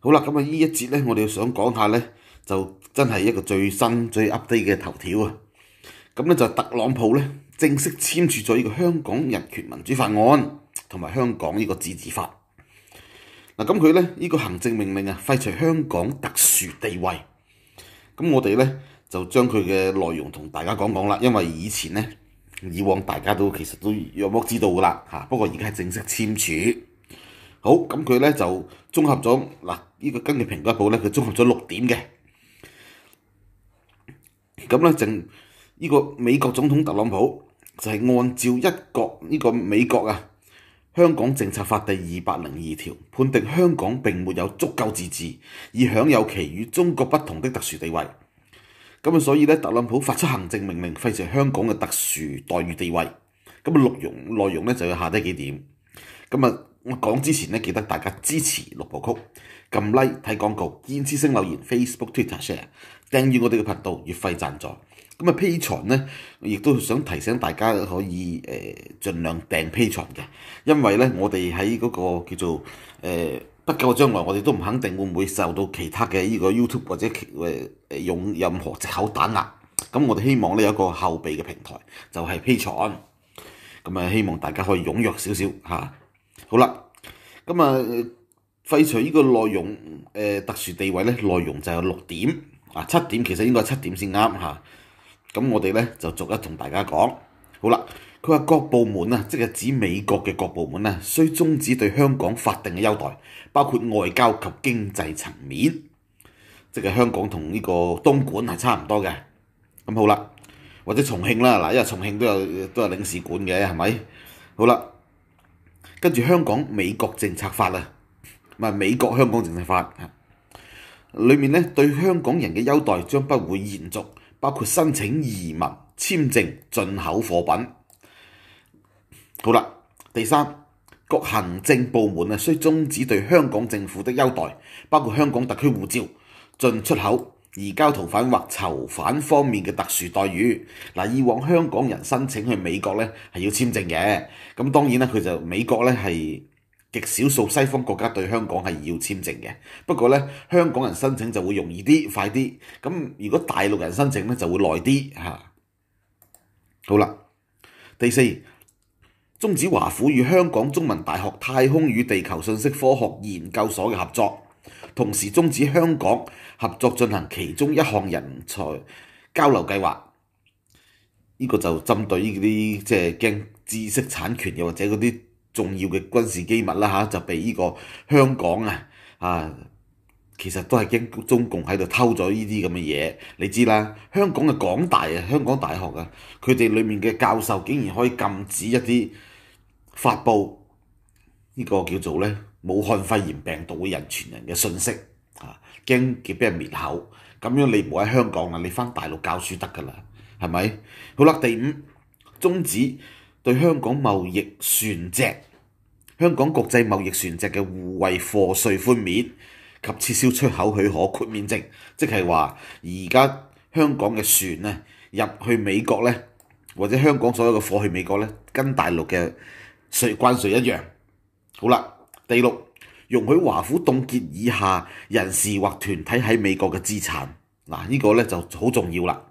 好啦，咁啊呢一節咧，我哋要想講下咧，就真係一個最新最 update 嘅頭條啊！咁咧就特朗普咧正式簽署咗呢個香港人權民主法案同埋香港呢個自治法。嗱，咁佢咧呢個行政命令啊，廢除香港特殊地位。咁我哋咧就將佢嘅內容同大家講講啦，因為以前咧以往大家都其實都約莫知道噶啦嚇，不過而家係正式簽署。好，咁佢咧就綜合咗，嗱，呢個根據蘋果日報咧，佢綜合咗六點嘅。咁咧政呢個美國總統特朗普就係按照一國呢個美國啊，香港政策法第二百零二條，判定香港並沒有足夠自治，以享有其與中國不同的特殊地位。咁啊，所以咧特朗普發出行政命令廢除香港嘅特殊待遇地位。咁啊，內容內容咧就要下低幾點，咁啊。我講之前咧，記得大家支持六部曲，撳 like 睇廣告、意持之星留言、Facebook、Twitter share，訂於我哋嘅頻道月費贊助。咁啊，P 床咧，亦都想提醒大家可以誒盡量訂 P 床嘅，因為咧我哋喺嗰個叫做誒、呃、不久嘅將來，我哋都唔肯定會唔會受到其他嘅呢個 YouTube 或者誒誒用任何藉口打壓。咁我哋希望咧有一個後備嘅平台，就係、是、P 床。咁啊，希望大家可以踴躍少少嚇。好啦，咁啊廢除呢個內容誒特殊地位咧，內容就有六點啊，七點其實應該係七點先啱嚇。咁我哋咧就逐一同大家講。好啦，佢話各部門啊，即係指美國嘅各部門啊，需終止對香港法定嘅優待，包括外交及經濟層面，即係香港同呢個東莞係差唔多嘅。咁好啦，或者重慶啦嗱，因為重慶都有都有領事館嘅，係咪？好啦。跟住香港美國政策法啊，唔係美國香港政策法啊，裏面呢，對香港人嘅優待將不會延續，包括申請移民、簽證、進口貨品。好啦，第三，各行政部門啊，需終止對香港政府嘅優待，包括香港特區護照、進出口。移交逃犯或囚犯方面嘅特殊待遇。嗱，以往香港人申請去美國咧，係要簽證嘅，咁當然咧，佢就美國咧，係極少數西方國家對香港係要簽證嘅。不過咧，香港人申請就會容易啲快啲，咁如果大陸人申請咧，就會耐啲吓。好啦，第四，中止華府與香港中文大學太空與地球信息科學研究所嘅合作。同時中止香港合作進行其中一項人才交流計劃，呢個就針對依啲即係驚知識產權又或者嗰啲重要嘅軍事機密啦嚇，就被呢個香港啊啊，其實都係驚中共喺度偷咗呢啲咁嘅嘢。你知啦，香港嘅港大啊，香港大學啊，佢哋裡面嘅教授竟然可以禁止一啲發布，呢個叫做咧，武漢肺炎病毒嘅人傳人嘅信息，啊，驚叫俾人滅口，咁樣你唔好喺香港啦，你翻大陸教書得㗎啦，係咪？好啦，第五，終止對香港貿易船隻、香港國際貿易船隻嘅互惠貨稅豁免及撤銷出口許可豁免證，即係話而家香港嘅船呢入去美國呢，或者香港所有嘅貨去美國呢，跟大陸嘅稅關稅一樣。好啦。第六，容許華府凍結以下人士或團體喺美國嘅資產。嗱，呢個咧就好重要啦。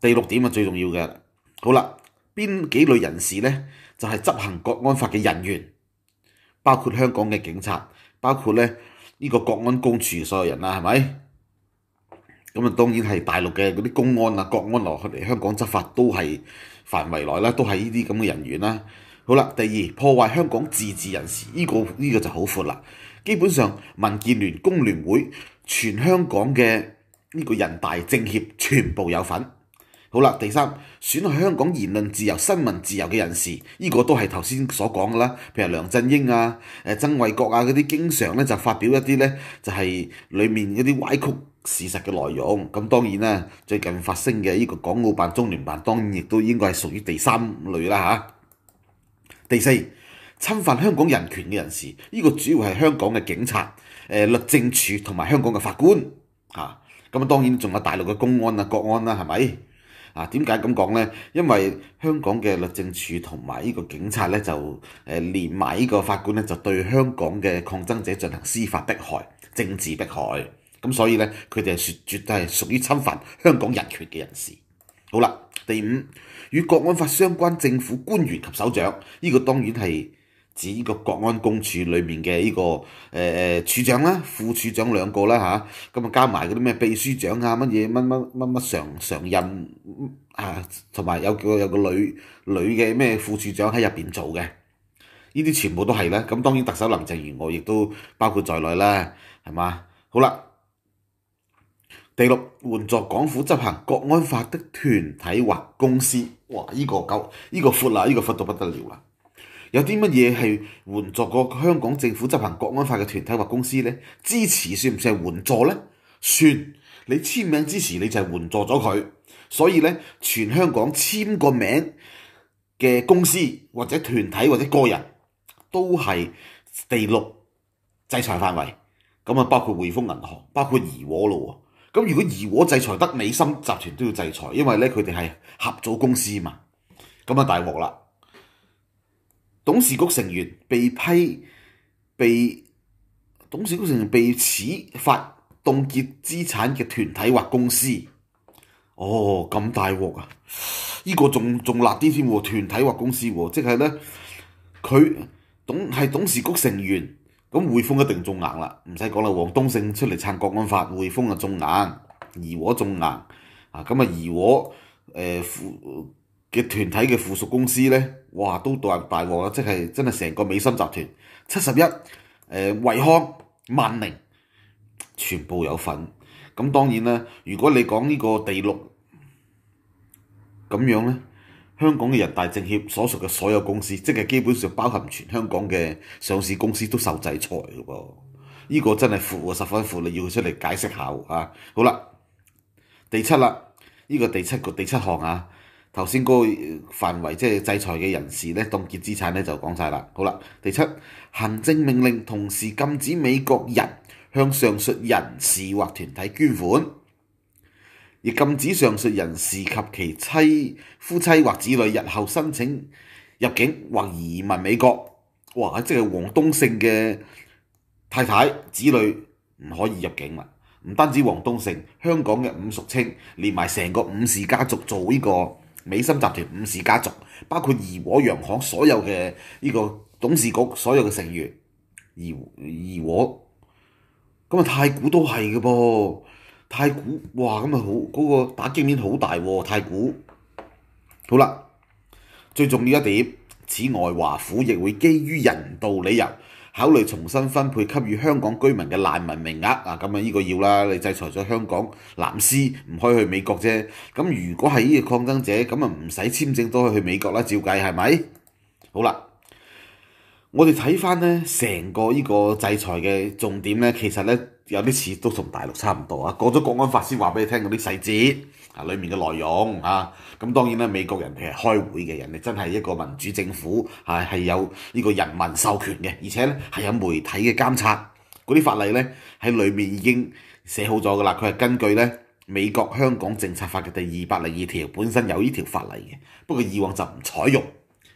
第六點啊，最重要嘅。好啦，邊幾類人士咧，就係、是、執行國安法嘅人員，包括香港嘅警察，包括咧呢個國安公署所有人啦，係咪？咁啊，當然係大陸嘅嗰啲公安啊，國安落嚟香港執法都係範圍內啦，都係呢啲咁嘅人員啦。好啦，第二，破壞香港自治人士，呢個呢個就好闊啦。基本上，民建聯、工聯會、全香港嘅呢個人大、政協全部有份。好啦，第三，損害香港言論自由、新聞自由嘅人士，呢、呢個都係頭先所講嘅啦。譬如梁振英啊、誒曾衛國啊嗰啲，經常咧就發表一啲咧就係裡面嗰啲歪曲事實嘅內容。咁當然啦，最近發生嘅呢個港澳辦、中聯辦，當然亦都應該係屬於第三類啦、啊、嚇。第四，侵犯香港人權嘅人士，呢個主要係香港嘅警察、誒律政署同埋香港嘅法官，嚇。咁啊，當然仲有大陸嘅公安啊、國安啦，係咪？啊，點解咁講呢？因為香港嘅律政署同埋呢個警察呢，就誒連埋呢個法官呢，就對香港嘅抗爭者進行司法迫害、政治迫害。咁所以呢，佢哋係説絕對係屬於侵犯香港人權嘅人士。好啦，第五。與國安法相關政府官員及首長，呢個當然係指個國安公署裏面嘅呢個誒處長啦、副處長兩個啦吓，咁啊加埋嗰啲咩秘書長啊、乜嘢乜乜乜乜常常任啊，同埋有個有個女女嘅咩副處長喺入邊做嘅，呢啲全部都係啦。咁當然特首林鄭月娥亦都包括在內啦，係嘛？好啦，第六，換作港府執行國安法的團體或公司。哇、這個！呢、這個夠，依、這個闊啦，依個闊到不得了啦。有啲乜嘢係援助過香港政府執行國安法嘅團體或公司呢？支持算唔算係援助呢？算，你簽名支持你就係援助咗佢。所以呢，全香港簽個名嘅公司或者團體或者個人都係第六制裁範圍。咁啊，包括匯豐銀行，包括怡和咯。咁如果義和制裁得美心集團都要制裁，因為咧佢哋係合組公司嘛，咁啊大鑊啦！董事局成員被批，被董事局成員被處罰凍結資產嘅團體或公司，哦，咁大鑊啊！呢個仲仲辣啲添喎，團體或公司喎，即係咧佢董係董事局成員。咁匯豐一定仲硬啦，唔使講啦，王東勝出嚟撐國安法，匯豐啊仲硬，怡和仲硬啊，咁啊怡和誒嘅團體嘅附屬公司咧，哇都大大鑊啦，即係真係成個美心集團、七十一、誒惠康、萬寧全部有份。咁當然啦，如果你講呢個地六咁樣咧。香港嘅人大政協所屬嘅所有公司，即係基本上包含全香港嘅上市公司都受制裁嘅噃，呢、呢個真係符啊十分符。你要出嚟解釋下啊！好啦，第七啦，呢個第七個第七項啊，頭先嗰個範圍即係制裁嘅人士咧，凍結資產咧就講晒啦。好啦，第七行政命令同時禁止美國人向上述人士或團體捐款。亦禁止上述人士及其妻、夫妻或子女日後申請入境或移民美國。哇！即係黃東昇嘅太太、子女唔可以入境啦。唔單止黃東昇，香港嘅伍淑清，連埋成個伍氏家族做呢個美心集團伍氏家族，包括怡和洋行所有嘅呢個董事局所有嘅成員，怡怡和，咁啊，太古都係嘅噃。太古，哇咁啊好，嗰個打擊面好大喎。太古，好啦，最重要一點，此外華府亦會基於人道理由考慮重新分配給予香港居民嘅難民名額。啊，咁啊呢個要啦，你制裁咗香港藍絲唔可以去美國啫。咁如果係呢個抗爭者，咁啊唔使簽證都可以去美國啦。照計係咪？好啦。我哋睇翻呢成個呢個制裁嘅重點呢，其實呢有啲似都同大陸差唔多啊。過咗國安法先話俾你聽嗰啲細節啊，裡面嘅內容啊。咁當然啦，美國人佢係開會嘅，人哋真係一個民主政府啊，係有呢個人民授權嘅，而且呢係有媒體嘅監察。嗰啲法例呢喺裏面已經寫好咗噶啦，佢係根據呢美國香港政策法嘅第二百零二條本身有呢條法例嘅，不過以往就唔採用。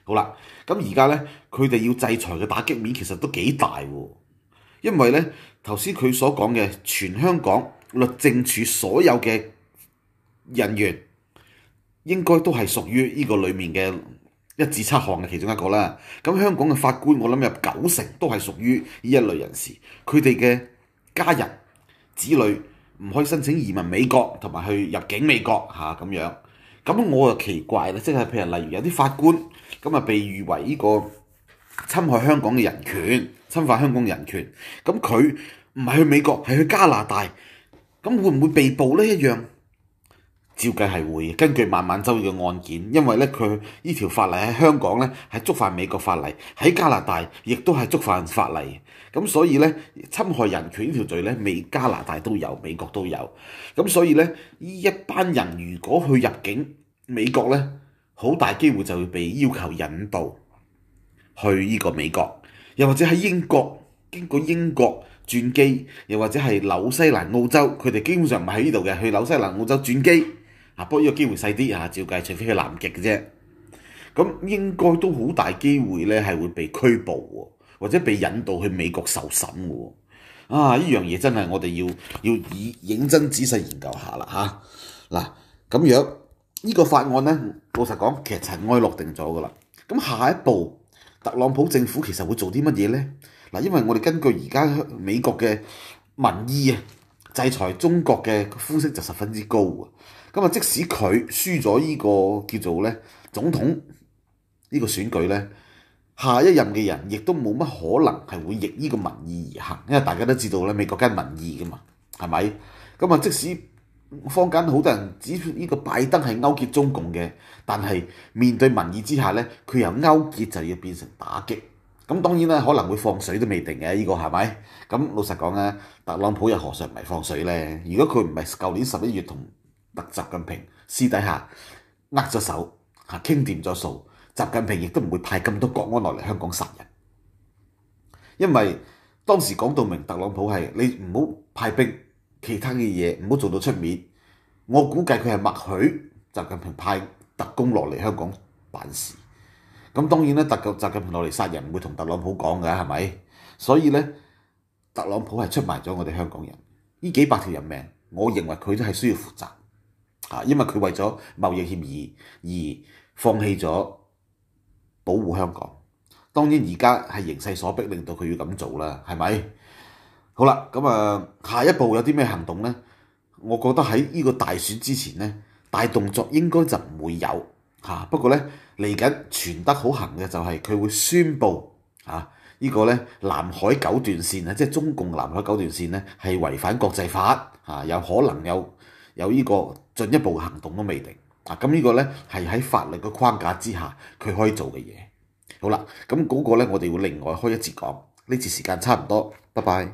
好啦，咁而家咧，佢哋要制裁嘅打擊面其實都幾大喎，因為咧頭先佢所講嘅全香港律政處所有嘅人員，應該都係屬於呢個裡面嘅一至七項嘅其中一個啦。咁香港嘅法官，我諗有九成都係屬於呢一類人士，佢哋嘅家人子女唔可以申請移民美國同埋去入境美國吓，咁樣。咁我就奇怪啦，即係譬如例如有啲法官咁啊，被譽為呢個侵害香港嘅人權、侵犯香港人權，咁佢唔係去美國，係去加拿大，咁會唔會被捕咧一樣？照計係會根據孟晚舟嘅案件，因為咧佢呢條法例喺香港咧係觸犯美國法例，喺加拿大亦都係觸犯法例嘅。咁所以咧，侵害人權條罪咧，美加拿大都有，美國都有。咁所以咧，呢一班人如果去入境美國咧，好大機會就會被要求引渡去呢個美國，又或者喺英國經過英國轉機，又或者係紐西蘭、澳洲，佢哋基本上唔喺呢度嘅，去紐西蘭、澳洲轉機。嚇，不過呢個機會細啲嚇，照計除非去南極嘅啫，咁應該都好大機會咧，係會被拘捕喎，或者被引渡去美國受審喎。啊，呢樣嘢真係我哋要要以認真仔細研究下啦嚇。嗱、啊，咁樣呢個法案咧，老實講其實塵埃落定咗嘅啦。咁下一步特朗普政府其實會做啲乜嘢咧？嗱，因為我哋根據而家美國嘅民意啊，制裁中國嘅呼聲就十分之高啊。咁啊！即使佢輸咗呢個叫做咧總統呢個選舉咧，下一任嘅人亦都冇乜可能係會逆呢個民意而行，因為大家都知道咧，美國梗係民意噶嘛，係咪？咁啊！即使坊間好多人指出呢個拜登係勾結中共嘅，但係面對民意之下咧，佢由勾結就要變成打擊。咁當然咧，可能會放水都未定嘅，呢個係咪？咁老實講啊，特朗普又何嘗唔係放水咧？如果佢唔係舊年十一月同，特習近平私底下握咗手，吓，傾掂咗數。習近平亦都唔會派咁多國安落嚟香港殺人，因為當時講到明特朗普係，你唔好派兵，其他嘅嘢唔好做到出面。我估計佢係默許習近平派特工落嚟香港辦事。咁當然咧，特習近平落嚟殺人唔會同特朗普講㗎，係咪？所以咧，特朗普係出賣咗我哋香港人呢幾百條人命，我認為佢都係需要負責。啊！因為佢為咗貿易協議而放棄咗保護香港，當然而家係形勢所逼，令到佢要咁做啦，係咪？好啦，咁啊，下一步有啲咩行動呢？我覺得喺呢個大選之前呢，大動作應該就唔會有吓。不過呢，嚟緊傳得好行嘅就係佢會宣布吓呢個呢南海九段線呢，即係中共南海九段線呢，係違反國際法吓，有可能有。有呢個進一步行動都未定，啊！咁呢個呢，係喺法律嘅框架之下，佢可以做嘅嘢。好啦，咁嗰個呢，我哋會另外開一節講。呢節時間差唔多，拜拜。